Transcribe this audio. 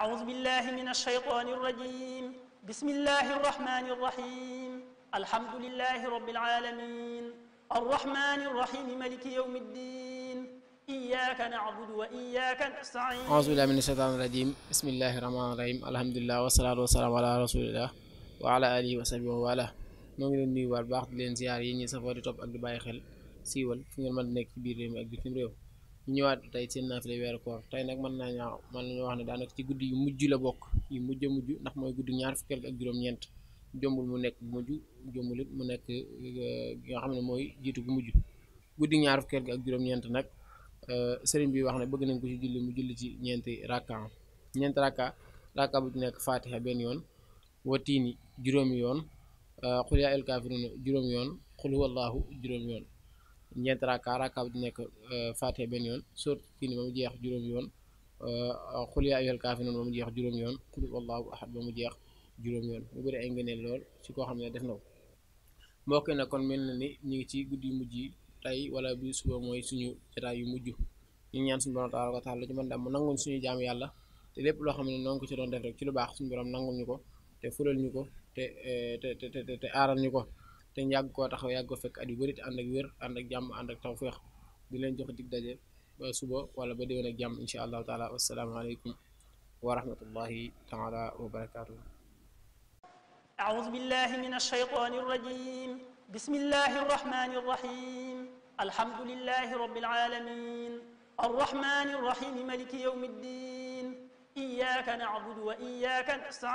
أعوذ بالله من الشيطان الرجيم بسم الله الرحمن الرحيم الحمد لله رب العالمين الرحمن الرحيم ملك يوم الدين إياك نعبد وإياك نستعين أعوذ بالله من الشيطان الرجيم بسم الله الرحمن الرحيم الحمد لله والصلاة والسلام على رسول الله وعلى آله وصحبه وعلى moo ngi leen لين waat baax di leen ziar yi ñi safoo di topp ak di ñëwaat tey seen naafila weeru koor tey nag mën naa ñaaw mën nañu wax ne daanaka ci guddi yu mujj la bokk yu mujj a mujj ndax mooy guddi ñaar fukkeel ak juróom jombul mu nekk bu mujj jombul mu nekk nga euh, xam ne mooy jiitu bu mujj guddi ñaar fukkeel ak juróom-ñeent nag euh, sëriñ bi wax na bëgg nañ ko ci julli mu julli ci ñeenti rakka ñeenti rakka rakka bu ci nekk fatiha benn yoon watiini juróom yoon xul euh, yaa el kaafiruuna juróomi yoon xul huwallaahu yoon ñeenti rakaa rakaa bu nekk euh, faatee benn yoon sóorat fiin ba mu jeex juróom yoon xul euh, yaa ayyuhal kaafiruun ba mu jeex juróom yoon xul wallaahu ahad ba mu jeex juróom yoon mu bëri ay ngëneel lool ci koo xam ne def na ko mbokk na kon mel na ni ñu ngi ci guddi yu mujj yi tey wala bi suba mooy suñu jotaay yu mujj ñu ñaan suñu borom tabaaraka wa taala ci mën dam nanguñ suñu jaam yàlla te lépp loo xam ne noonu ko ci doon def rek ci lu baax suñu borom nanguñ ñu ko te fulal ñu ko te euh, te te te aaral ñu ko te ñu yàgg koo taxaw yàgg fekk at yu bëri ak wér ànd ak jàmm ànd ak tawféex di leen jox dig daje ba suba wala ba déwén ak jàmm incha allahu taala wasalaamaaleykum wa rahmatullahi taala wa